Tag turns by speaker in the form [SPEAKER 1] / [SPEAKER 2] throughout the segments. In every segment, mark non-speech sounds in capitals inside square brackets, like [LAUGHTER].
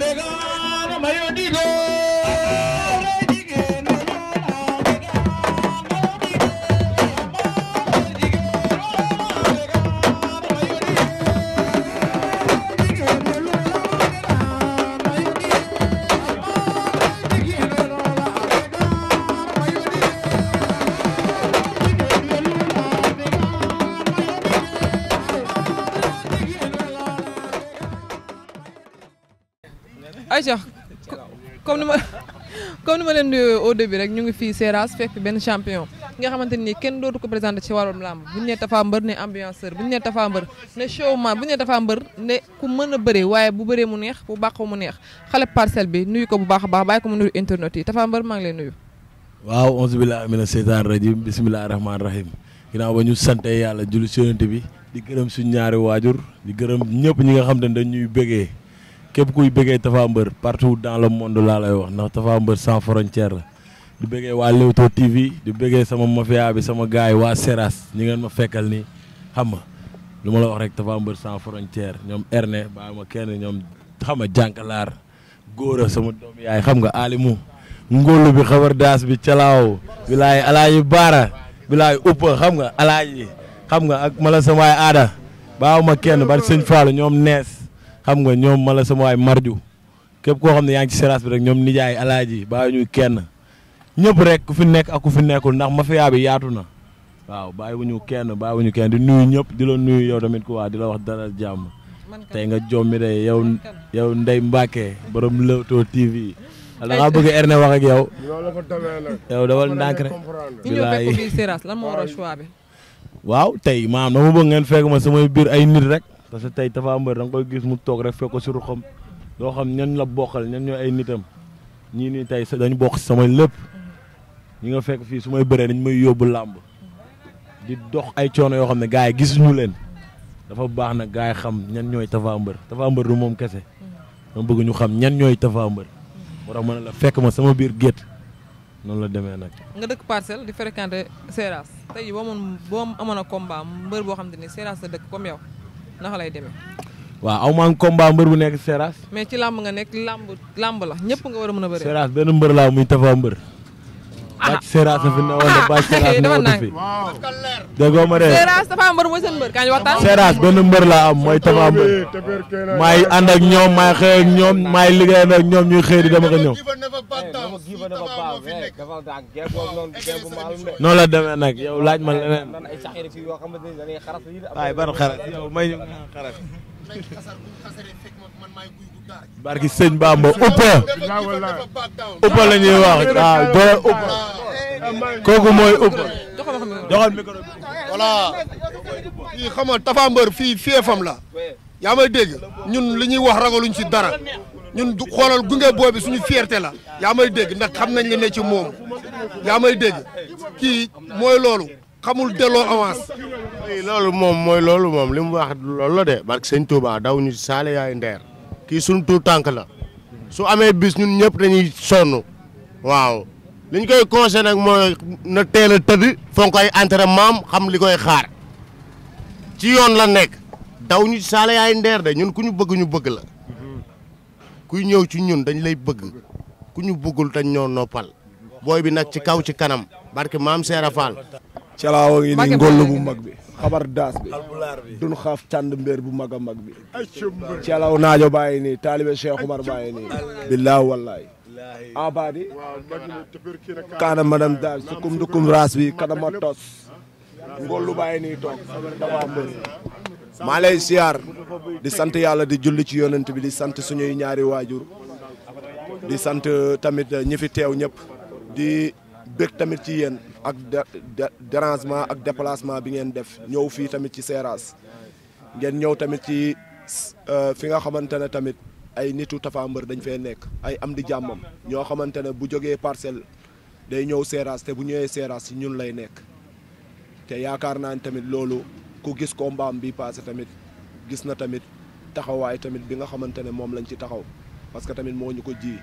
[SPEAKER 1] बेगान मयो ॾींदो
[SPEAKER 2] leen di au début rek ñu ngi fi Seras fekk benn champion nga xamante ni kenn dootu ko présenté ci wàllum làmb bu ñu nee Tapha Mbeur ne ambianceur bu bu ñu nee Tapha Mbeur ne ku mën a bëree waaye bu bëree mu neex bu bàqoo mu neex xale parcel bi nuyu ko bu baax a baax bàyyi ko mu nuyu internet yi Tapha Mbeur maa ngi lay nuyu
[SPEAKER 1] waaw onze billahi mina seytaan rajim bisimilahi rahmaani rahim ginnaaw ba ñu sante yàlla julli ci yonent bi di gërëm suñu ñaari waajur di gërëm ñëpp ñi nga xam ne dañuy bëggee képp kuy bëggee Tapha Mbeur partout dans le monde laa lay ndax Tapha Mbeur sans frontière la di bëggee waa Leewtoo TV di bëggee sama mafia bi sama gars yi waa Seras ñi ngeen ma fekkal ni xam nga lu ma la wax rek Tapha Mbeur sans frontière ñoom Erne baa ma kenn ñoom xam nga jànkalaar góor sama doom yaay xam nga alimu ngóolu bi xabar daas bi calaaw bilaay alaaji baara bilaay uppa xam nga alaaji xam nga ak mala sama waay aada baaw ma kenn bari sëñ Fallou ñoom xam nga ñoom mala sama waay marju képp koo xam ne yaa ngi ci séraas bi rek ñoom nijaay alaaji bàyyi ñu kenn ñëpp rek ku fi nekk ak ku fi nekkul ndax mafia bi yaatu na waaw bàyyiwuñu kenn bàyyiwuñu kenn di nuyu ñëpp di la nuyu yow tamit ku waa di wax dara jàmm tey nga jommi de yow yow Ndeye Mbacke borom Leewtoo bëgg erne wax ak yow.
[SPEAKER 3] yow dawal ndànk rek. bilaay
[SPEAKER 1] lan ngeen fekk ma samay biir ay nit rek. parce que tey Tapha Mbeur da nga gis mu toog rek fekk ko si ruxam doo xam ñan la bokkal ñan ñooy ay nitam ñii nii tey dañu bokk samay lépp ñi fekk fii su may bëree dañ may yóbbu làmb di dox ay coono yoo xam ne gars yi gisuñu leen dafa baax nag gars yi xam ñan ñooy Tapha Mbeur Tapha moom kese bëgg ñu xam ñan ñooy Tapha Mbeur ma ne la fekk ma sama biir gétt noonu la demee nag.
[SPEAKER 2] nga dëkk parcelle di fréquenter Seras tey jii boo amoon boo amoon a combat mbër boo xam te ne Seras la dëkk comme yow. naka lay demee.
[SPEAKER 1] waaw aw ma am bu nekk Seras.
[SPEAKER 2] mais ci làmb nga nekk làmb làmb la ñëpp nga war a mun a bëri. Seras
[SPEAKER 1] benn mbër laa muy Tafa mbër. bàcc séeraas na fi ne wala ah, bàcc séeraas na woote fi déggoo ma de. séeraas
[SPEAKER 2] dafa am mbër mooy seen mbër kañ waxtaan. séeraas benn
[SPEAKER 1] mbër laa am mooy tafa mbër maay ànd ak ñoom maay xëy ak ñoom maay liggéey ak ñoom ñuy xëy di dama ko ñëw. noonu la demee nag yow laaj ma leneen.
[SPEAKER 4] waaye ban xarat yow may ñu
[SPEAKER 1] xarat. barki sëñ Bamba uppa uppa la ñuy wax waaw ah, doole uppa
[SPEAKER 3] kooku mooy uppa joxal micro bi voilà fii xam la yaa dégg ñun li ñuy wax ragaluñ ci dara ñun du xoolal gunge boobi suñu fierté la yaa dégg ndax xam nañ li ne ci moom yaa may dégg kii mooy loolu xamul delloo avance. loolu moom mooy loolu moom li mu wax loolu la de barke sëñ Touba daw ñu saale yaay ndeer kii suñ tuut tànk la su amee bis ñun ñëpp dañuy sonn waaw li ñu koy conseillé nag mooy na teel a tëdd fonk ay maam xam li koy xaar ci yoon la nekk daw ñu saale yaay ndeer de ñun ku ñu bëgg ñu bëgg la kuy ñëw ci ñun dañ lay bëgg ku ñu bëggul dañ ñoo noppal booy bi nag ci kaw ci kanam barke maam Seera calaawa ngi nii bu mag bi xabar daas bi dun xaaf cànd mbéer bu mag a mag bi calaw naajo baa nii taalibe Cheikh Umar bàyyi nii billaahi wallaahi kaana madam daal sukkum dukkum raas bi kanama tos ngóll bàyyi nii toog dafa di sant yàlla di julli ci yonent bi di sant suñuy ñaari waajur di sant tamit ñi fi teew ñëpp bég tamit ci yéen ak dérangement ak déplacement bi ngeen def ñëw fii tamit ci Seras ngeen ñëw tamit ci euh, fi nga xamante ne tamit ay nitu Tapha Mbeur dañ fee nekk ay am di jàmmam ñoo xamante ne bu jógee parcelle day ñëw Seras te bu ñëwee Seras ci ñun lay nekk te yaakaar naa ni tamit loolu ku gis mbaam bi passé tamit gis na tamit taxawaay tamit bi nga xamante ne moom lañ ci taxaw parce que tamit moo ñu ko ji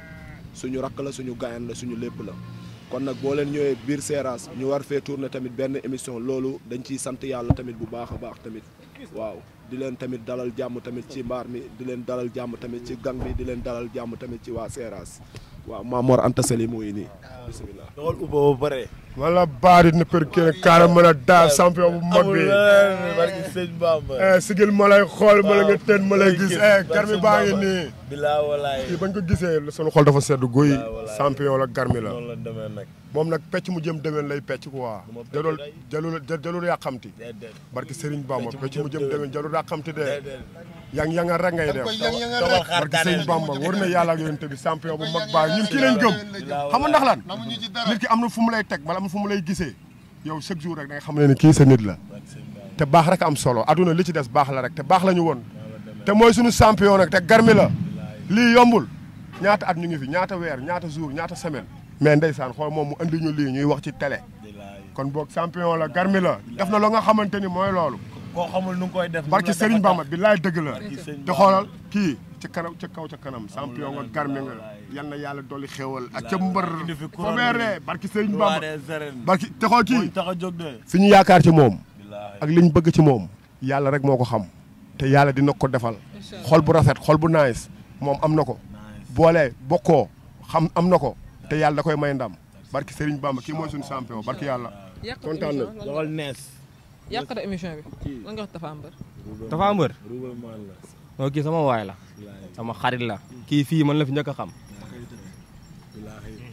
[SPEAKER 3] suñu rakk la suñu gaayan la suñu lépp la kon nag boo leen ñëwee biir Seras ñu war fee na tamit benn émission loolu dañ ciy sant yàlla tamit bu baax a baax tamit waaw di leen tamit dalal jàmm tamit ci mbaar mi di leen dalal jàmm tamit ci gang bi di leen dalal jàmm tamit ci waa Seras waaw Mamor Anta Sali mooy nii bisimilah. dool ubbo ba pare. wala baari na për kenn mën a daa champion bu mag bi amul sëñ eh, ma lay xool ma la nga lay gis. garmi eh, baa ngi nii. bilaa walaay kii ko gisee sunu xol dafa sedd guy. champion la garmi la. noonu la demee moom nag pecc mu jëm déwén lay pecc quoi. jalul jalul jalul yàqamti. barki Serigne Bamba pecc mu jëm déwén jalul yàqamti de. yang yanga rek ngay def. barki Serigne Bamba war na yàlla ak yonent bi champion bu mag baa ñun kii lañ gëm. xam nga ndax lan nit ki am na fu mu lay teg wala am na fu mu lay gisee. yow chaque jour rek da xam ne ni kii sa nit la. te baax rek am solo aduna li ci des baax la rek te baax la woon. te mooy sunu champion nag te garmi la lii yombul ñaata at ñu ngi fi ñaata weer ñaata jour ñaata semaine mais ndeysaan xool moom mu andi ñu lii ñuy wax ci télé kon boog champion la garmi def na la nga xamante ni mooy loolu koo xamul nu ngi koy def barki Serigne Bamba bi laay dëgg la te xoolal kii ci kanam ci kaw ca kanam champion nga garmi nga yal na yàlla dolli xéwal ak ca mbër fomeere barki Serigne Bamba barki te xool kii fi ñu yaakaar ci moom ak liñ bëgg ci moom yàlla rek moo ko xam te yàlla dina ko defal xol bu rafet xol bu nice moom am na ko boole bokkoo xam am na ko te yàlla da koy may ndam barki Serigne Bamba kii mooy suñu champion barki yàlla
[SPEAKER 2] kontaan na doxal nees yàq émission bi lan nga wax Tapha Mbeur Tapha
[SPEAKER 4] sama waay la sama xarit la kii fii mën na fi njëkk a xam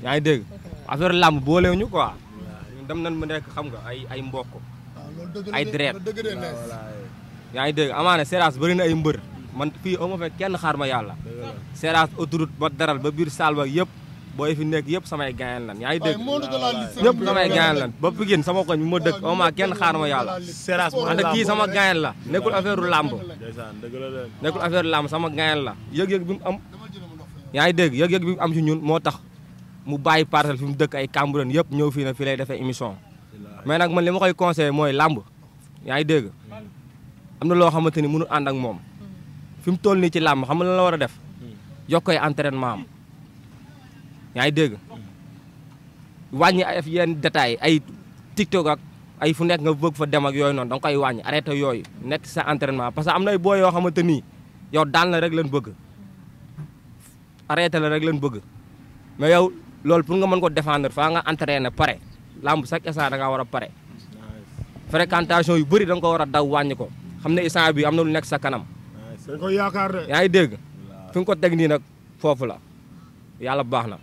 [SPEAKER 4] yaa ngi dégg affaire làmb boolewuñu quoi dem nañ mu nekk xam nga ay ay mbokk ah, ay dret yaa ngi dégg amaana Seras bëri na ay mbër man fii amu fa kenn xaar ma yàlla Seras autoroute ba daral ba biir Salba yëpp booy fi nekk yëpp samay gaañal lan yaa ngi dégg
[SPEAKER 1] ñëpp samay gaañal lan
[SPEAKER 4] ba Pikine sama koñ bi ma dëkk au moins kenn xaar ma yàlla Seras ante kii sama gaañal la nekkul affaire làmb nekkul affaire làmb sama gaañal la yëg bi mu am yaa ngi dégg yëg-yëg bi am ci ñun moo tax mu bàyyi parcelle fi mu dëkk ay camburen yëpp ñëw fii na fi lay defee émission mais nag man li ma koy conseillé mooy làmb yaa ngi dégg na loo xamante ni mënul ànd ak moom fi mu toll nii ci làmb xam nga lan la war a def hmm. yokk ay entraînement am yaa ngi dégg hmm. wàññi ay yenn détails ay tiktok ak ay fu nekk nga bëgg fa dem ak yooyu noonu da nga koy wàññi arrêté yooyu nekk sa entraînement parce que am na ay boo yoo xamante ni yow daan la rek leen bëgg arrêté la rek leen bëgg mais yow loolu pour nga mën ko défendre fa nga entraîné pare lamb sa instant da ngaa war a pare fréquentation yu bëri da nga ko war a daw wàññi ko xam ne instant bi am na lu nekk sa kanam
[SPEAKER 3] dañ koy yaakaar
[SPEAKER 4] yaa ngi dégg fi nga ko teg nii nag foofu la yàlla baax na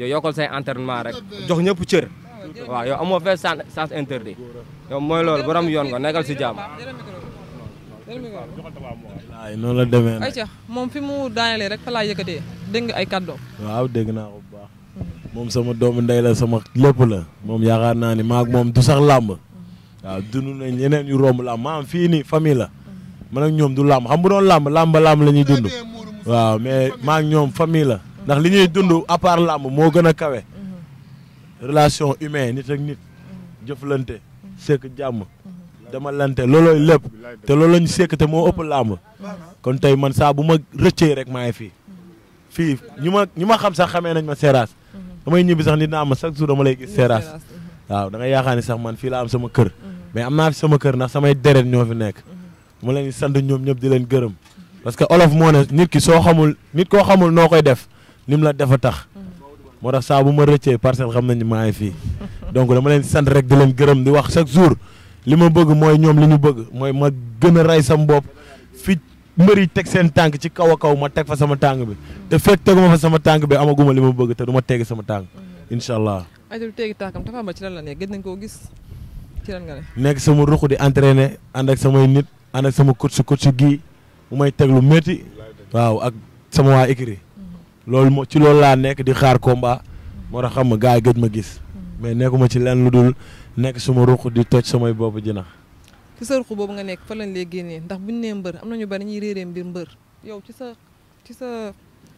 [SPEAKER 4] yow yokkal say entraînement rek jox ñëpp cër. waaw yow amoo fee sens sens interdit yow mooy loolu borom yoon nga nekkal si jàmm.
[SPEAKER 2] waaw
[SPEAKER 1] noonu la demee nag.
[SPEAKER 2] ayca moom fi mu daanelee rek fa laa yëkkatee dégg nga ay kàddoom.
[SPEAKER 1] waaw dégg naa ko bu baax. sama doomu ndey la sama lépp la mom yaakaar naa ni maag mom du sax làmb. waaw dund nañ ñeneen ñu romb làmb maam fii nii famille man ak ñoom du làmb xam bu doon làmb làmb làmb la ñuy dund. waaw mais maa ñoom famille la. ndax li ñuy dund à part làmb moo gën a kawe. relation humaine nit ak nit. jëflante sekk jàmm. dama lante loolooy lépp te loolu lañu sekk te moo ëpp làmb. kon tey man saa bu ma rëccee rek maa ngi fii. fii ñu ma ñu ma xam sax xamee nañ ma Seras. ma ñibbi sax nit naa ma chaque jour dama lay gis Seras. Mhm. waaw da nga sax man fii la sama kër. mais am naa fi sama kër ndax samay deret ñoo fi nekk. ma leen di sant ñoom ñëpp di leen gërëm parce que olof moo ne nit ki soo xamul nit koo xamul noo koy def nim la def a tax moo tax saa bu ma rëccee parcelle xam nañu maa ngi fii donc dama leen sant rek di leen gërëm di wax chaque jour li ma bëgg mooy ñoom li ñu bëgg mooy ma gën a rey sam bopp fi mbër yi teg seen tànk ci kaw a kaw ma teg fa sama tànk bi te fekk teguma fa sama tànk bi amaguma li ma bëgg te du ma tegi sama tànk incha allah.
[SPEAKER 2] ay du tegi tànkam ci lan la ne gëj koo gis ci nga ne.
[SPEAKER 1] nekk sama ruq di entraîner ànd ak samay nit. ànd ak sama coach coach gi mu may teg lu métti waaw ak sama waa écrit mm-hmm. loolu moo ci loolu laa nekk di xaar komba moo tax xam ma gaa yi gëj ma gis mm-hmm. mais nekkuma ci lan lu dul nekk suma ruq di toj samay bopp jinax
[SPEAKER 2] ci sa ruq boobu nga nekk fa lañ lay génnee ndax buñu nee mbër am ñu bari ñuy réeree mbir mbër yow ci sa ci sa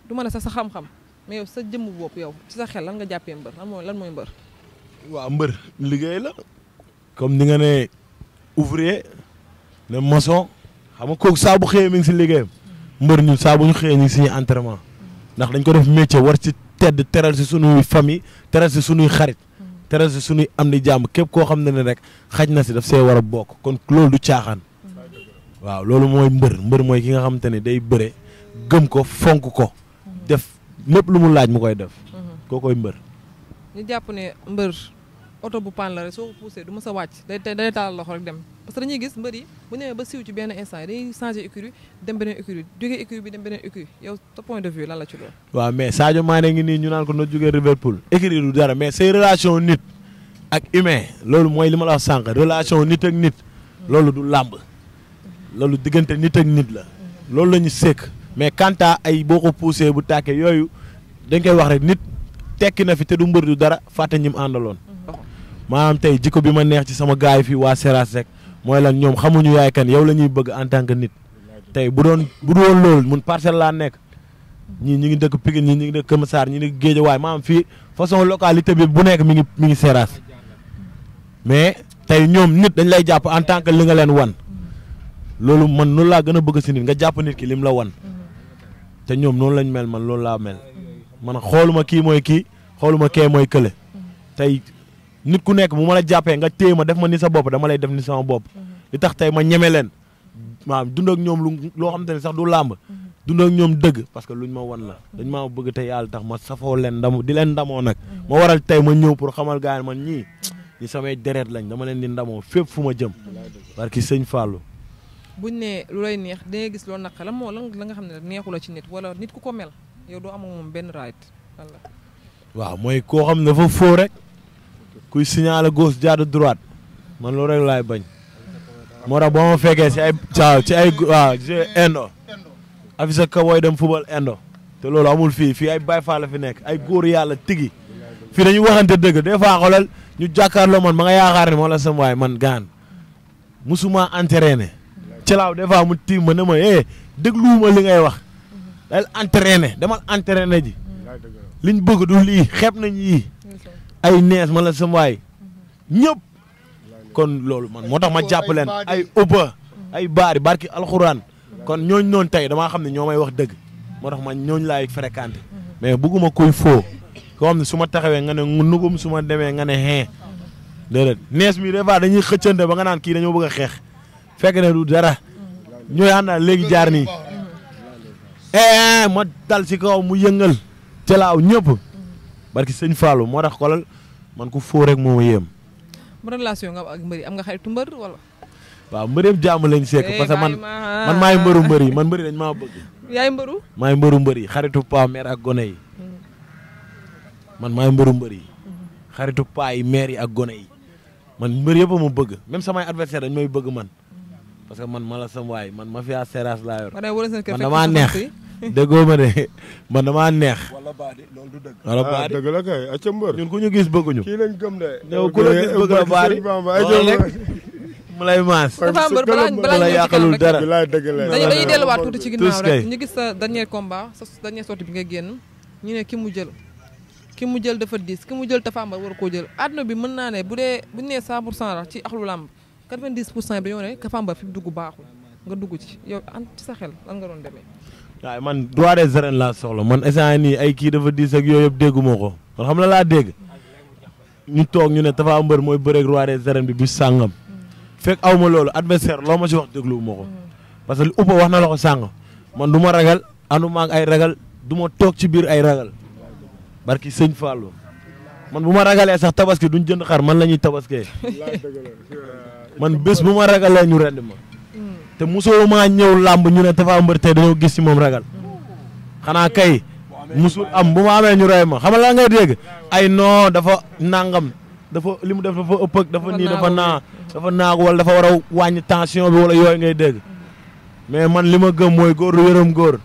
[SPEAKER 2] du ma ne sax sa xam-xam mais yow sa jëm bopp yow ci sa xel lan nga jàppee mbër lan mooy lan mooy mbër
[SPEAKER 1] waaw mbër liggéey la comme ni nga ne ouvrier ne maçon xam nga kook saabu bu xëyee mi ngi si liggéeyam mbër ñun saabu ñu xëyee ñu ngi suñuy entraînement ndax dañ ko def métier war si tedd teral si suñuy famille teral si suñuy xarit teral si suñuy am ni jàmm képp koo xam ne ne rek xaj na si daf see war a bokk kon loolu du caaxaan waaw loolu mooy mbër mbër mooy ki nga xamante ne day bëre gëm ko fonk ko def lépp lu mu laaj mu koy def koo koy mbër
[SPEAKER 2] ñu jàpp ne mbër oto bu pan la rek soo ko poussé du mës a wàcc parce que dañuy gis mbër yi bu ñëwee ba siiw ci benn instant yi dañuy changé écurie dem beneen écurie jógee écurie bi dem beneen écurie sa point de vue lan la ci doon.
[SPEAKER 1] waaw mais Sadio Mané ngi nii ñu naan ko na jógee Liverpool écurie du dara mais say relation nit ak humain loolu mooy li ma la wax sànq relation nit ak loolu du làmb loolu diggante nit ak nit la loolu la ñu sekk mais kanta ay boo ko poussé bu tàkkee yooyu dañ koy wax rek nit tekki na fi te du mbër du dara fàtte ñi mu àndaloon maanaam tey jikko bi ma neex ci sama gaay yi fii waa Seras rek mooy lan ñoom xamuñu yaay kan yow la ñuy bëgg en tant que nit tey bu doon bu doon loolu mun parcelle laa nekk ñii ñu ngi dëkk Pikine ñii ñu ngi dëkk Kër Massar ñii ñu ngi Géejawaay maanaam fii façon localité bi bu nekk mu ngi mi ngi Seras mais tey ñoom nit dañ lay jàpp en tant que li nga leen wan loolu man noonu laa gën a bëgg si nit nga jàpp nit ki lim la wan te ñoom noonu lañ mel man loolu laa mel man xooluma kii mooy kii xooluma kee mooy kële nit ku nekk mu ma la jàppee nga téye ma def ma ni sa bopp dama lay def ni sa bopp mhm. li tax tey ma ñeme leen waaw dund ak ñoom lu loo xam te ne sax du làmb mhm. dund ñoom dëgg parce que lu luñ ma won la dañ ma bëgg te yàlla tax ma safoo leen ndam di leen ndamoo nag mhm. ma waral tey ma ñëw pour xamal gaa gars man ñii ñi samay deret lañ dama leen di ndamoo fépp fu ma jëm barki sëñ bu
[SPEAKER 2] buñ ne lu lay neex dangay gis loo naq la moo la nga xam ne neexu la ci nit wala nit ku ko mel yow doo am moom benn right
[SPEAKER 1] waaw mooy koo xam ne dafa foo rek kuy signaler gauche jaar droite man loolu rek laay bañ moo tax boo ma fekkee si ay waaw ci ay waaw indo afisa ka booy dem football indo te loolu amul fii fii ay Baay fi nekk ay góor yàlla tigi fii dañu waxante dëgg des fois xoolal ñu jàkkaarloo man ma nga yaakaar ne moo la sam waay man gaan musuma entraîné calaaw des fois mu tiim ma ne ma eh dégluwuma li ngay wax dal entraîné demal entraîné ji liñ bëgg du lii xeeb nañ yii ay nees ma la sam waay ñëpp kon loolu man moo tax ma jàpp leen ay ubba ay baari barki alxuraan kon ñooñ noonu tey damaa xam ne ñoo may wax dëgg moo tax ma ñooñ laay fréquenté mais bugguma koy foo koo xam ne su ma taxawee nga ne nugum su ma demee nga ne xee déedéet nees mi des fois dañuy xëccante ba nga naan kii dañoo bëgg a xeex fekk ne du dara ñooy àndaal léegi jaar nii eh, ma dal si kaw mu yëngal telaaw ñëpp barki sëñ Fallou moo tax kolal man ku foo rek moo ma yéem.
[SPEAKER 2] ban relation nga am ak mbëri am nga xaritu mbër wala.
[SPEAKER 1] waaw mbër yëpp jàmm lañ sekk eh, parce que man
[SPEAKER 2] man maay mbëru mbër
[SPEAKER 1] yi man mbëri dañ maa bëgg. yaay mbëru. maay yi xaritu paa mère ak gone yi. Mm-hmm. man maay mbëru mbër yi. Mm-hmm. xaritu yi ak gone yi. man mbër yëpp ma bëgg même samay adversaire dañ may bëgg man. Mm-hmm. parce que man ma la sam waay man ma fi a seras laa man damaa neex déggoo ma ne man damaa neex. wala baadi loolu du dëgg. wala ah, baadi dëgg
[SPEAKER 3] la kay acca mbër. ñun ku ñu gis bëgguñu. kii lañ gëm de. ñëw ku la gis bëgg la baadi
[SPEAKER 1] mu lay maas. dafa mbër balaa balaa ñu
[SPEAKER 2] yàqalul
[SPEAKER 3] dara. dañuy dañuy delluwaat ci ginnaaw rek ñu
[SPEAKER 2] gis sa dernier combat sa dernier sortie bi nga génn ñu ne ki mu jël. ki mu jël dafa diis ki mu jël dafa mbar war koo jël àdduna bi mën naa ne bu dee bu ñu nee 100 pour cent ci axlu làmb 90 pour cent bi dañoo ne dafa mbar fi mu dugg baaxu nga dugg ci sa xel lan nga doon demee
[SPEAKER 1] waaye man droit des arènes laa soxla man instant nii ay kii dafa diis ak yooyu yëpp dégguma ko man xam la laa dégg ñu toog ñu ne Tapha Mbeur mooy bëreeg roi des arènes bi bis sàngam fekk aw ma loolu adversaire loo ma si wax dégluwu ma ko parce que li uppa wax na la ko sàng man du ma ragal anduma ak ay ragal du ma toog ci biir ay ragal barki sëñ Fallou man bu ma ragalee sax tabaski duñ jënd xar man la ñuy tabaskee [LAUGHS] man bés bu ma ragalee ñu rend ma te mosoo maa ñëwul làmb ñu ne Tapha Mbeur tey dañoo gis si moom ragal xanaa kay musul am bu ma ñu rey ma xam nga la ngay dégg ay noo dafa nangam dafa li mu def dafa ëpp dafa nii dafa naa dafa naagu wala dafa war a wàññi tension bi wala yooyu ngay dégg mais man li ma gëm mooy góor lu yërëm góor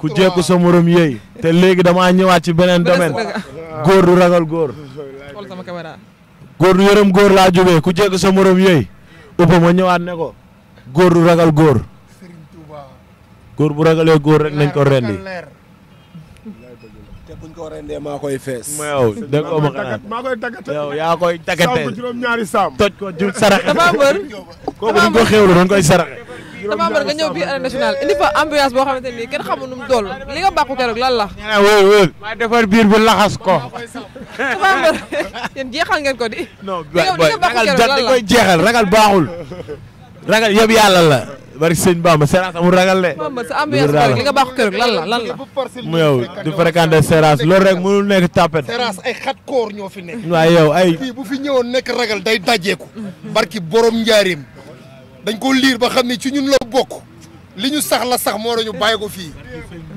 [SPEAKER 1] ku jekku sa morom yëy te léegi damaa ñëwaat ci beneen domaine góor du ragal góor góor du yërëm góor laa jubee ku jekku sa morom yëy ëpp ma ñëwaat ne ko góor du ragal góor góor bu ragalee góor rek nañ ko rendi
[SPEAKER 3] te buñ ko rendee maa koy fees. ma yow dégg nga ma xanaa maa koy tàggatee yow yaa koy tàggatee. saabu juróom-ñaari saam toj ko jul saraxe.
[SPEAKER 1] ko xéwlu dañ koy saraxe.
[SPEAKER 2] dama am nga ñëw biir arène nationale indi fa ambiance boo xamante ni kenn xamul nu mu toll li nga bàqu keroog lan la.
[SPEAKER 1] wóol wóol. maa defar biir bi laxas ko.
[SPEAKER 2] dama am nga [LAUGHS] yéen jeexal ngeen ko di. non ragal jot di koy jeexal ragal
[SPEAKER 1] baaxul. ragal yëpp yàlla la. bari sëñ Bamba Seras amul ragal de.
[SPEAKER 2] Bamba sa ambiance boobu li nga baaxu keroog lan la la.
[SPEAKER 3] mu yow di fréquenté Seras loolu rek
[SPEAKER 1] mënul nekk tapet.
[SPEAKER 3] Seras ay xat koor ñoo fi nekk. waaye yow ay. fii bu fi ñëwoon nekk ragal day dajeeku. barki borom njaarim dañ koo liir ba xam ne ci ñun la bokk li ñu sax la sax moo doon ñu bàyyi ko fii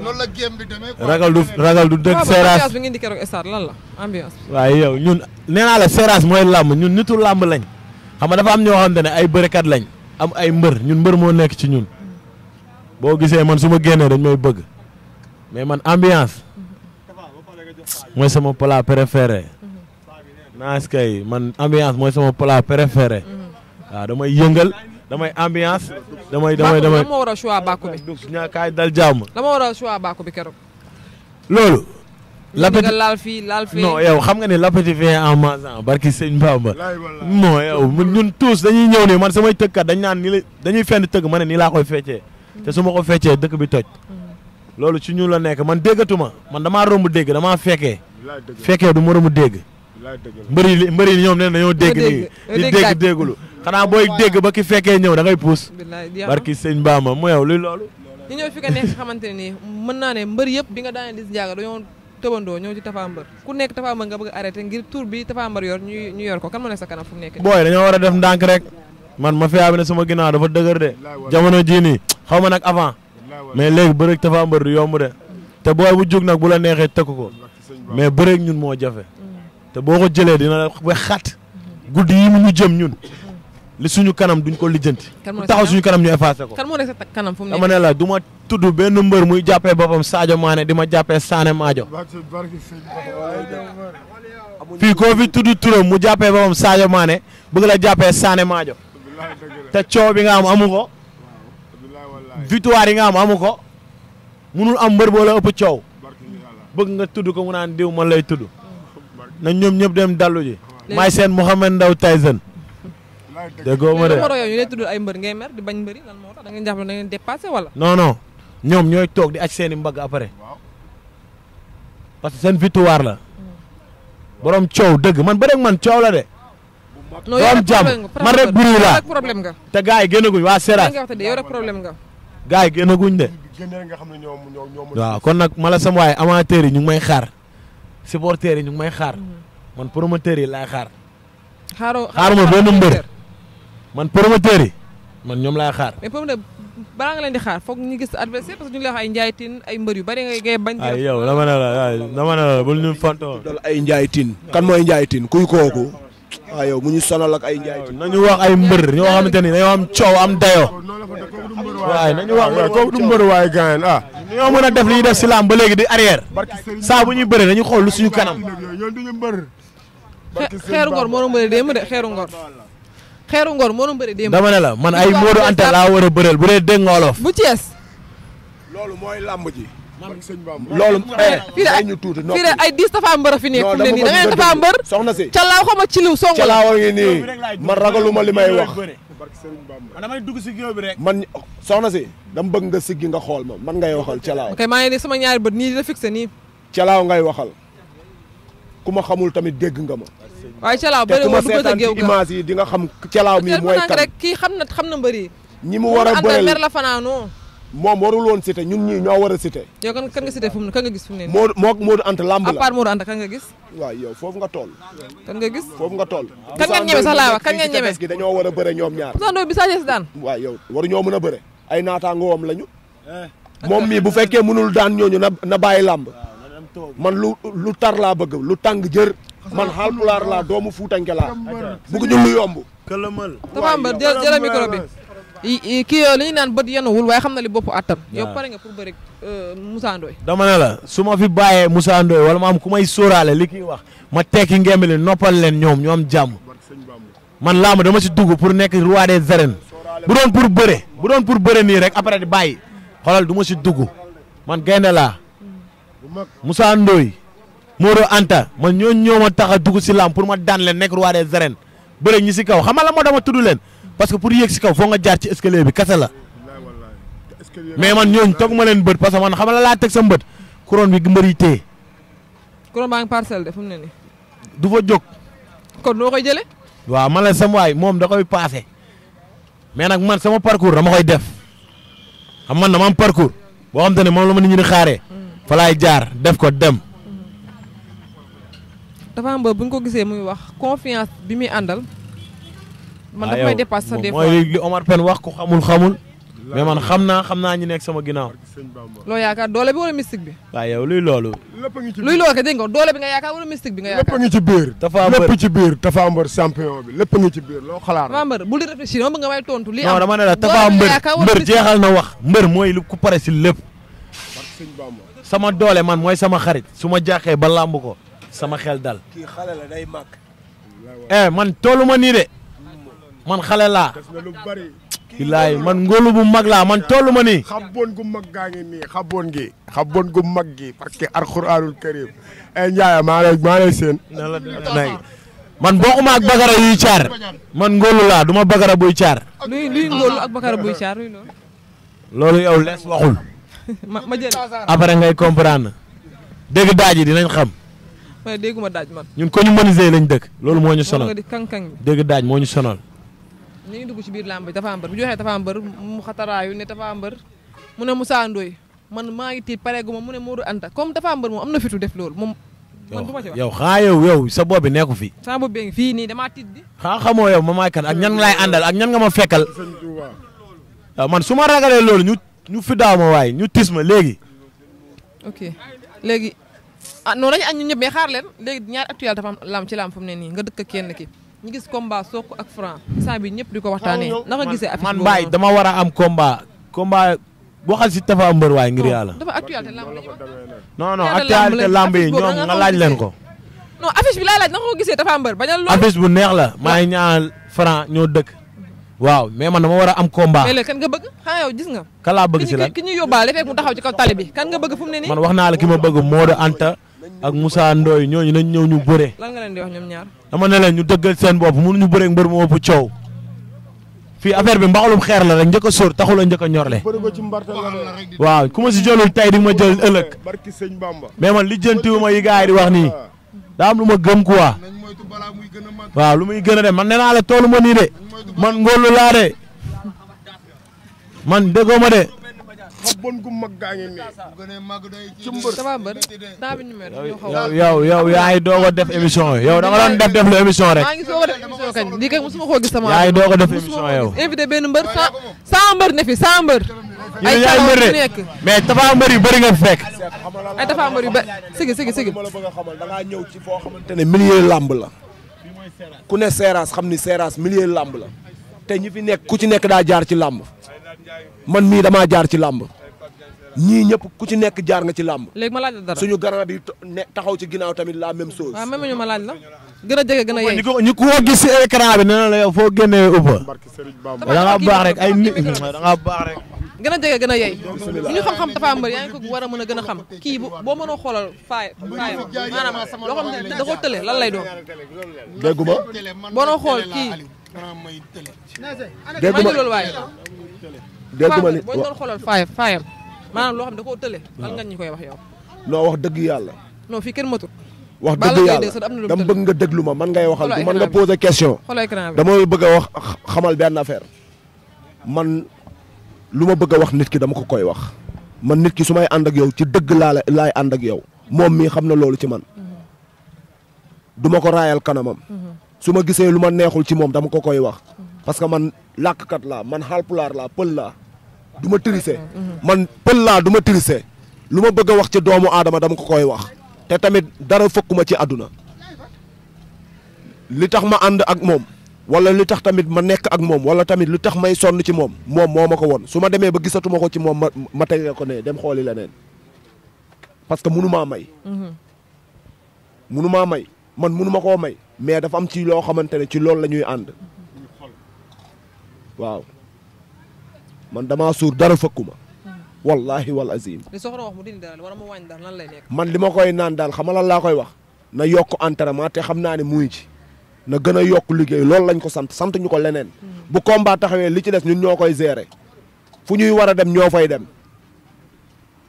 [SPEAKER 3] loolu la géem bi
[SPEAKER 1] demee. ragal du ragal du dëgg Seras
[SPEAKER 3] bi di keroog stade lan la ambiance.
[SPEAKER 1] waaye yow ñun nee naa la Seras mooy làmb ñun nitu làmb lañ xam nga dafa am ñoo xamante ne ay bërekat lañ am ay mbër ñun mbër moo nekk ci ñun boo gisee man su ma génnee dañ may bëgg mais man ambiance mooy sama plat préféré naas kay man ambiance mooy sama plat préféré mhm. waaw damay yëngal. damay ambiance damay damay damay. dama
[SPEAKER 2] war a choix bàkku bi ñaakaay dal jàmm. dama war a choix bàkku bi keroog.
[SPEAKER 1] loolu. l'appétit nga
[SPEAKER 2] laal fii laal fii non yow xam
[SPEAKER 1] nga ne l'appétit vient en mangeant barki sëñ Bamba non yow ñun tous dañuy ñëw ne man samay tëggkat dañ naan ni la dañuy fenn tëgg ma ne nii laa koy feccee te su ma ko feccee dëkk bi toj mm-hmm. loolu ci ñu la nekk man déggatuma man damaa romb dégg damaa fekkee fekkee du ma romb dégg mbëri mbëri ñoom ne dañoo dégg nii di dégg déggulu xanaa booy dégg ba ki fekkee ñëw da ngay puus. barki sëñ Bamba mu yow luy loolu.
[SPEAKER 2] ñu ñëw fi nga nekk xamante ni mën naa ne mbër yëpp bi nga daanee Liss Ndiago dañoo tëbandoo ñëw ci Tapha Mbeur ku nekk Tapha Mbeur nga bëgg arrêté ngir tour bi Tapha Mbeur yor ñu ñu ko kan moo nekk sa kanam fu mu nekk. booy dañoo
[SPEAKER 1] war a def ndànk rek man ma fiyaa bi ne sama ginnaaw dafa dëgër de jamono jii nii xaw ma nag avant mais léegi bëreeg Tapha Mbeur du yomb de te booy bu jug nag bu la neexee tëkk ko mais bëreeg ñun moo jafe mm. te boo ko jëlee dina la xat guddi yi mu jëm ñun li suñu kanam duñ ko lijjanti. kan moo taxaw suñu kanam ñu effacé ko. kan
[SPEAKER 2] moo nekk sa kanam fu mu
[SPEAKER 1] nekk dama benn mbër muy jàppee boppam saajo maane di ma jàppee Sané Maajo. fii koo fi tudd mu jàppee boppam saajo maane bëgg la jàppee saane Maajo. te coow bi nga am amu ko. victoire yi nga am amu ko. munul am mbër boo la ëpp coow. bëgg nga tudd ko mu naan diw man lay tudd. na ñoom ñëpp dem dallu ji. maay seen Mouhamed Ndaw déggoo ma de yooyu
[SPEAKER 2] ñu tuddul ay mbër ngay mer di bañ mbëri lan moo
[SPEAKER 1] ñoom ñooy toog di aj seeni mbagg après parce que seen victoire la borom coow dëgg man ba man coow la de.
[SPEAKER 2] non yow rek problème nga man rek buru laa problème nga.
[SPEAKER 1] te gars yi génnaguñ waa Seras.
[SPEAKER 2] yow rek nga.
[SPEAKER 1] gars yi génnaguñ de. waaw kon nag mala sam waaye amateurs yi ñu ngi may xaar supporters yi ñu ngi may xaar mm-hmm. man promoteurs yi laay xaar.
[SPEAKER 2] xaaroo xaaruma benn mbër.
[SPEAKER 1] man promoteur yi man ñoom laay xaar.
[SPEAKER 2] mais promoteur balaa nga leen di xaar foog ñu gis adversaire parce que ñu lay wax ay njaay tin ay
[SPEAKER 3] mbër yu bari ngay bañ.
[SPEAKER 1] ay yow dama ne la ay dama ne la bul ñu ay njaay tin kan mooy
[SPEAKER 3] njaay tin kuy kooku. waaw ah, mu ñu sonal ak ay njaay tin. nañu wax ay mbër ñoo xamante ni dañoo am coow am dayoo. waaye nañu wax waaye kooku du mbër waaye gaañ ah. ñoo mën a
[SPEAKER 1] def li ñu def si laam ba léegi di arrière. saa bu ñuy bëree dañu xool lu suñu kanam.
[SPEAKER 2] xeeru ngor moo doon bëri démb de xeeru xeeru ngor moo doon bëri démb. dama ne la man ay Modou Anta
[SPEAKER 1] laa war a bëreel bu dee dégg nga olof.
[SPEAKER 2] bu Thiès. loolu mooy làmb ji. loolu eh. fii de ay dix tafa mbër fi nekk ne nii da ngay tafa mbër
[SPEAKER 3] soxna si calaaw ko ma ci liw song la calaaw ngi nii man ragaluma li may wax damay dugg si bi rek man soxna si dam bëgg nga siggi nga xool ma man ngay waxal calaaw ok maa ngi nii sama ñaari bët nii di la nii calaaw ngay waxal ku ma xamul tamit dégg nga ma. waaye Calaaw bëri ma du di nga xam Calaaw mi mooy kan rek
[SPEAKER 2] kii xam na xam
[SPEAKER 3] na mbëri ñi mu war a bëreel mer la fanaanoo moom warul woon cité ñun ñii ñoo war a cité yow kan kan nga cité fu mu ne kan gis fu ne moo moo ant Anta lamb la à part Modou Anta kan nga gis waaw foofu nga toll kan nga gis foofu nga toll kan ngeen ñeme sax laa wax kan ngeen ñeme dañoo war a bëre ñoom ñaar sando bi sages daan waaw yow waru ñoo mën a bëre ay naataangoom lañu eh. moom mii bu fekkee mënul daan ñooñu na na bàyyi làmb man lu lu tar laa bëgg lu tàng jër man Haalpulaar laa doomu Fuutanke laa bëgguñu lu yomb këlëmal Tapha Mbeur jël jël micro bi
[SPEAKER 1] kii yooyu li ñu naan bët yenuwul
[SPEAKER 2] waaye xam na li bopp attan yow pare nga pour bëri euh, Moussa
[SPEAKER 1] Ndoye dama ne la su ma fi bàyyee Moussa Ndoye wala ma am ku may sóoraale li kii wax ma tekki ngemb li noppal leen ñoom ñu am jàmm man laamu dama si dugg pour nekk roi des arènes bu doon pour bëre bu doon pour bëre nii rek après di bàyyi xoolal du ma dugg Moussa Ndoye Modou Anta man ñooñu ñoo ma tax a si lamb pour ma daan leen nekk roi des arènes bëre ñi si kaw xam la moo dama tudd leen parce que pour yéeg si kaw foo nga jaar ci escalier bi kese mais man ñooñu toog ma leen bët parce que man xam la laa teg sa mbët couronne bi mbër yi téye.
[SPEAKER 2] couronne baa ngi parcelle de fu mu ne nii.
[SPEAKER 1] du fa jóg. kon noo koy jëlee. waaw man la sama waay moom da koy paase mais nag man sama parcours dama koy def xam man dama am parcours boo xam te ne moom la ma fa jaar def ko dem.
[SPEAKER 2] dafa am bu ñu ko gisee muy wax confiance bi muy àndal. man ah,
[SPEAKER 1] wax ku xamul xamul. mais man xam naa xam naa ñu nekk sama ginnaaw.
[SPEAKER 2] doole bi wala mystique bi.
[SPEAKER 3] waaw yow luy loolu.
[SPEAKER 2] lépp ngi ci doole bi nga yaakaar wala
[SPEAKER 3] dafa am lépp ci biir loo xalaat. Tapha
[SPEAKER 2] Mbeur bul nga may tontu. li
[SPEAKER 3] am non jeexal na wax. Mbeur mooy lu ku pare si lépp.
[SPEAKER 1] sama doole man mooy sama xarit su ma jaaxee ba làmb ko sama xel dal.
[SPEAKER 3] kii xale la day
[SPEAKER 1] eh, man toolu ma nii de man xale laa.
[SPEAKER 3] bilaay man ngóolu bu mag laa man tollu ma nii. xaboon gu mag gaa ngi nii xaboon gi. xaboon gu mag gi parce que alxuraanul karim. eh maa lay maa lay seen. man bokkuma ak bagara yuy caar. man ngóolu laa du ma bagara buy caar.
[SPEAKER 2] caar loolu.
[SPEAKER 1] loolu yow lees waxul.
[SPEAKER 2] ma ma jël après
[SPEAKER 1] i comprendre dégg daaj yi dinañ xam.
[SPEAKER 2] ma dégguma daaj man.
[SPEAKER 1] ñun ko ñu menuisier lañ dëkk. loolu moo ñu sonal dégg daaj moo ñu sonal.
[SPEAKER 2] ñu ngi dugg ci biir làmb bi dafa am bër bu ñu waxee dafa am mu xataraayu ne dafa am bër mu ne Moussa Ndoye man maa ngi tiit pareegu ma mu ne Modou Anta comme dafa am bër moom am na fitu def loolu moom. man du ma ci wax yow
[SPEAKER 1] xaa sa bopp bi nekku fi.
[SPEAKER 2] sama bopp bi fii nii damaa tiit di.
[SPEAKER 1] xaa xamoo yow ma maay kan ak ñan laay àndal ak ñan nga ma fekkal.
[SPEAKER 3] waaw
[SPEAKER 1] ah, man su ma ragalee loolu ñu. ñu fi daaw ma waay ñu tis ma léegi.
[SPEAKER 2] ok léegi ah noonu añ ñu ñëpp mais xaar leen léegi ñaari actualité dafa am lam ci lam fu ne nii nga dëkk kenn ki ñu gis combat Sokh ak Franc saa bi ñëpp di ko waxtaanee. naka gisee affiche man Baye war
[SPEAKER 1] a am combat. combat waxal si Tapha waay ngir yàlla.
[SPEAKER 2] dafa actualité lamb
[SPEAKER 1] lañu non leen ko.
[SPEAKER 2] non affiche bi laay laaj naka ko gisee Tapha Mbeur bañal loolu. affiche bu
[SPEAKER 1] neex la maa ngi ñaanal Franc ñoo dëkk waaw mais man ma war a am combat. mais léegi
[SPEAKER 2] nga bëgg xanaa gis nga.
[SPEAKER 1] kan laa bëgg si la ki
[SPEAKER 2] ñu yóbbaale fekk mu taxaw ci kaw tali bi kan nga bëgg fu mu
[SPEAKER 1] ne nii. man wax naa la ki ma bëgg Modou Anta ak Moussa Ndoye ñooñu nañ ñëw ñu bëre.
[SPEAKER 2] lan nga leen di wax ñoom
[SPEAKER 3] ñaar.
[SPEAKER 1] dama ne leen ñu dëggal seen bopp mënuñu bëre mbër mu ëpp coow fii affaire bi mbaxalum xeer la rek njëkk a sóor taxul a njëkk a ñorle. waaw ku ma si jëlul tey di ma jël ëllëg. mais man li jëntiwu ma yi gars yi di wax nii daa am lu ma gëm quoi waaw lu muy gën a dem man nee naa la toolu ma man ngóolu laa de man déggoo ma de.
[SPEAKER 3] ma bon gu mag gaa ngi nii.
[SPEAKER 1] yow yow yaay doog a def émission yow da nga doon def def lu émission rek. maa ngi
[SPEAKER 2] soog a def émission kañ lii kay mosuma gis sama. yaay doog a def émission yow. invité benn mbër sans ne fi sans mbër. ay taxaw yu
[SPEAKER 3] mais tafa mbër yu bëri nga fekk. ay tafa yu bëri sigi sigi sigi. da ngaa ñëw ci foo xamante ne milieu làmb la. ku ne Seras xam ni Seras milieu lamb la te ñi fi nekk ku ci nekk daa jaar ci làmb man mii damaa jaar ci làmb ñii ñëpp ku ci nekk jaar nga ci làmb. léegi ma laaj la dara suñu garant taxaw ci ginnaaw tamit la même chose. waaw ah, même ñu ma laaj la. gën a jege gi a yee. ñu ko ñu ko gis si écran
[SPEAKER 1] la yow foo génnee ubba. da ngaa rek ay nit da baax rek.
[SPEAKER 2] gën a jege gën a yey xam dafa mbër yaa ngi war mën a gën a xam kii boo mënoo xoolal faay faayam maanaam loo xam ne da ko tële lan lay doon dégguma boo noo xool kii dégguma loolu waaye
[SPEAKER 3] dégguma ni boo doon xoolal faay faayam
[SPEAKER 2] maanaam loo xam ne da koo tële lan nga ñu koy wax yow
[SPEAKER 3] wax dëgg yàlla
[SPEAKER 2] non fii kenn matut
[SPEAKER 3] wax dëgg yàlla dama bëgg nga déglu ma man ngay waxal du man nga poser question dama bëgg a wax xamal benn affaire man lu ma bëgg wax nit ki dama ko koy wax man nit ki su may ànd ak yow ci dëgg laa laay ànd ak yow moom mii xam na loolu ci man mm-hmm. du ma ko raayal kanamam mm-hmm. su ma gisee lu ma neexul ci moom dama ko koy wax parce que man làkkat laa man xaalpulaar laa pël laa du ma tirise mm-hmm. man pël laa du ma tirise lu ma bëgg a wax ci doomu aadama dama ko koy wax te tamit dara fëkkuma ci àdduna li tax ma ànd ak moom wala lu tax tamit ma nekk ak moom wala tamit lu tax may sonn ci moom moom moo ma ko woon su ma demee ba gisatuma ko ci moom ma ma tege ko ne dem xooli leneen que munu maa may. man munu ma may mais dafa am ci loo xamante ne ci loolu la ñuy ànd man damaa suur dara fëkku ma wallaahi wal azim.
[SPEAKER 2] li soxna wax mu dindi daal wala
[SPEAKER 3] lay man li ma koy naan daal xam lan laa koy wax na yokk entraînement te xam naa ne muy ci. na gën a yokk liggéey loolu lañ ko sant sant ñu ko leneen. bu combat taxawee li ci des ñun ñoo koy gérer fu ñuy war a dem ñoo fay dem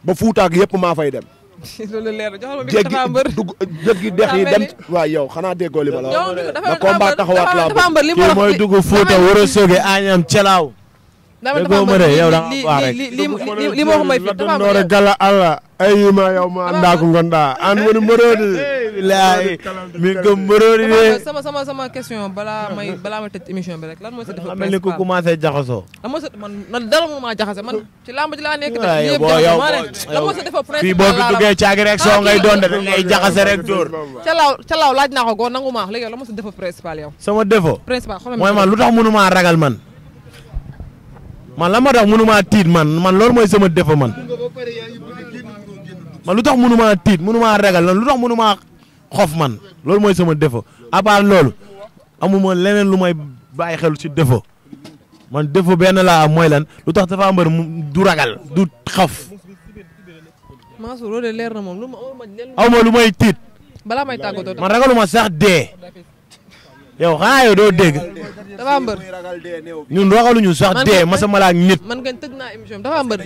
[SPEAKER 3] ba fuutaak yëpp maa fay dem.
[SPEAKER 2] [LAUGHS] loolu leer na joxal ma micro Tapha
[SPEAKER 3] Mbeur dugg jéggi dex yi dem. waaw yow xanaa déggoo li ma la wax.
[SPEAKER 2] na combat taxawaat laa bëgg kii mooy dugg Fuuta
[SPEAKER 3] war a sooge Añam Celaaw.
[SPEAKER 1] li
[SPEAKER 2] ma wax mooy fi damaa noore gala
[SPEAKER 3] alla ay yi ma yow ma ndaaku ngonda an woni mborodi laay mi gëm mborodi
[SPEAKER 1] de
[SPEAKER 2] sama sama sama question balaa may balaa ma tëj émission bi rek lan mooy sa dafa mel ni ku
[SPEAKER 1] commencé jaxasoo
[SPEAKER 2] lan mooy sa man man dara moo ma jaxase man ci lamb ji laa nekk yëpp yow lan mooy sa dafa principe fii boo fi duggee caagi rek soo ngay ah,
[SPEAKER 1] doon de ngay jaxase rek dóor
[SPEAKER 2] ca laaw ca laaw laaj naa ko goo nangu maa léegi lan mooy sa dafa principal yow sama défaut principal mooy man lu tax
[SPEAKER 1] mënu maa ragal man man la ma tax mënumaa tiit man man loolu mooy sama défaut man man lu tax mënumaa tiit mënumaa ragal lan lu tax mënumaa xof man loolu mooy sama defo à part loolu amuma leneen lu may bàyyi xel ci defo man défaut benn laa am mooy lan lu tax dafa mbër du ragal du xaf.
[SPEAKER 2] Mansour leer na moom lu ma
[SPEAKER 1] aw oh, ma lu may tiit.
[SPEAKER 2] balaa may tàggatoo man ragaluma
[SPEAKER 1] sax dee. yow xanaa yow doo dégg. dafa mbër ñun waxaluñu sax dee masa mala ak nit.
[SPEAKER 2] man kañ tëj naa émission dafa mbër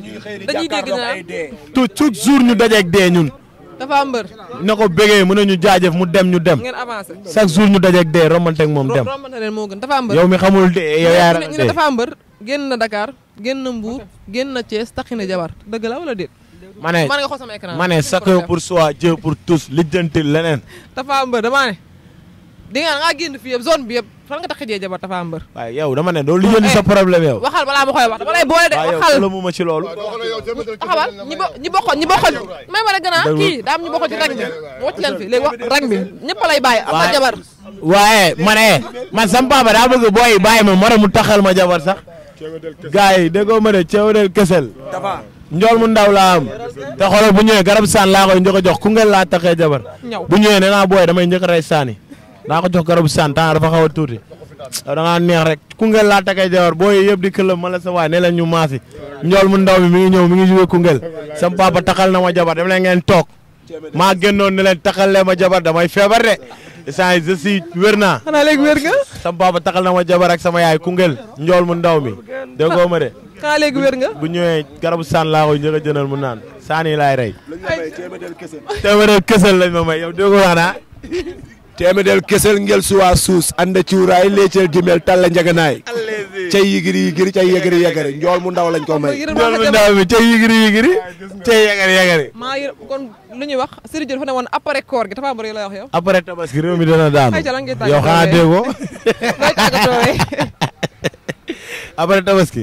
[SPEAKER 2] dañuy dégg naa.
[SPEAKER 1] toujours ñu dajeeg dee ñun. dafa mbër. na ko bégee mën nañu jaajëf mu dem ñu dem. ngeen
[SPEAKER 2] avancé chaque jour
[SPEAKER 1] ñu dajeeg dee rombanteeg moom dem.
[SPEAKER 2] rombante leen moo gën dafa mbër. yow mi xamul dee yow yaa ragal dee dafa mbër. génn na Dakar génn na Mbour génn na Thiès taxi na jabar dëgg la wala déet.
[SPEAKER 1] ma ne ma ne chacun pour soi Dieu pour tous lijjanti leneen. dafa mbër
[SPEAKER 2] di nga nga génn fii yëpp zone bi yëpp fan nga tax xëjee jabar Tapha Mbeur.
[SPEAKER 1] waaye yow dama ne doo lijjanti eh, sa problème yow. waxal
[SPEAKER 2] balaa ma koy wax dama lay boole de waxal waaw ma ci loolu. waxal ñi bo ñi bokkoon ñi bokkoon may ma la gën a kii daam ñu bokkoon ci rang bi wocc leen fi léegi wax rang bi ñëpp lay bàyyi am na jabar.
[SPEAKER 1] waaye ma ne man sam papa daa bëgg booy bàyyi ma mara mu taxal ma jabar sax gars yi déggoo ma ne ceew del kesel. njool mu ndaw laa am te xoolal bu ñëwee garab saan laa koy njëkk a jox ku ngeen laa taxee jabar bu ñëwee nee naa booy damay njëkk a rey saani naa ko jox garabu sant dafa xaw a tuuti da ngaa neex rek Koungheul laa takkay jawar booy yëpp ma la sa waay ne la ñu maasi njool mu ndaw mi mi ngi mi ngi jóge Koungheul sama papa na ma jabar dem leen ngeen toog maa génnoon ne ma jabar damay feebar de saa je suis wér naa. xanaa léegi wér na ma jabar ak sama yaay Koungheul njool mu ndaw mi déggoo ma de. xanaa léegi wér nga. bu ñëwee garabu saan laa koy njëkk a jëndal mu naan saan yi laay rey.
[SPEAKER 3] ay téeméer kese lañ ma may yow déggoo naa teemedel kesel ngel suwa suus anda cuuraay leecel jëmel talla njaganaay cay yigiri yigiri cay yegari yegari njool mu ndaw lañ ko may njool mu ndaw bi cay yigiri yigiri cay yegari yegari
[SPEAKER 2] kon lu ñuy wax Serigne Diop dafa ne woon après koor gi Tapha Mbeur la wax yow
[SPEAKER 1] après tabaski réew mi dana daanu yow xanaa déggoo looy [LAUGHS] tàggatoo [LAUGHS] après tabaski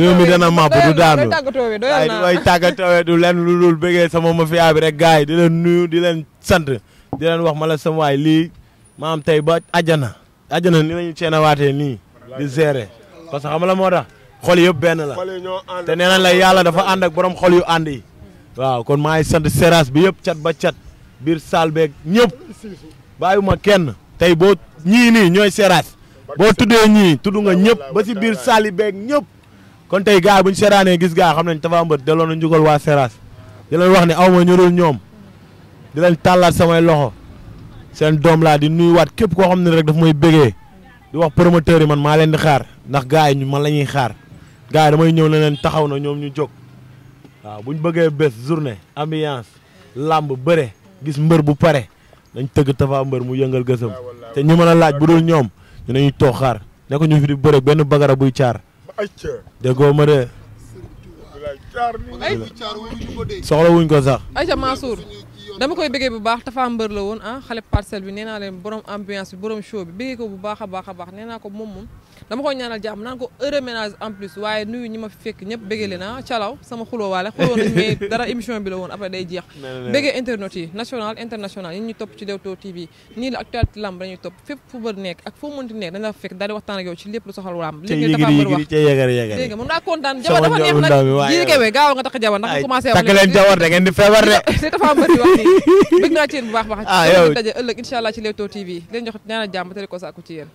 [SPEAKER 1] réew mi dana màbb du daanu ay way tàggatoo du leen lu dul bëggee sama mafia bi rek gars yi di leen nuyu di leen sant di wax ma la sama waay lii maam tey ba àjjana àjjana ni lañu cee waatee nii di gérer parce que xam la moo tax xol yëpp benn la te nee la yàlla dafa ànd ak borom xol yu ànd yi waaw kon maa ngi sant séras bi yëpp cat ba cat biir saal beeg ñëpp ma kenn tey boo ñii nii ñooy séras boo tuddee ñii tudd nga ñëpp ba si biir saal yi beeg ñëpp kon tey bu ñu seeraanee gis gaa xam nañ Tapha Mbeur delloo na njugal waa séras di leen wax ne aw ma ñorul ñoom di leen tàllaat samay loxo seen doom laa di nuyuwaat képp koo xam ne rek dafa muy bëggee di wax promoteur yi man maa leen di xaar ndax gars yi man la ñuy xaar gars yi damay ñëw ne leen taxaw na ñoom ñu jóg waaw bu ñu bëggee bés journée ambiance làmb bëre gis mbër bu pare dañ tëgg Tapha mbër mu yëngal gësam te ñu mën a laaj bu dul ñoom ñu ne ñu toog xaar ne ko ñu fi di bëre benn bagara buy caar déggoo ma de soxla wuñ ko sax.
[SPEAKER 3] Aïcha
[SPEAKER 2] dama koy bëggee bu baax Tapha Mbeur la woon ah xale parcelle bi nee leen borom ambiance bi show bi bëggee bu baax a baax a baax nee ko moom moom dama koy ñaanal jàmm naan ko heureux ménage en plus waaye nuyu ñi ma fekk ñëpp leen ci jabar dafa neex feebar de [LAUGHS] Tapha Mbeur di wax [LAUGHS] bëgg naa ci yéen bu baax baax. ah yow daje ëllëg incha allah ci Leewtoo TV leen jox ñaanal jàmm te ko sàkku ci yéen.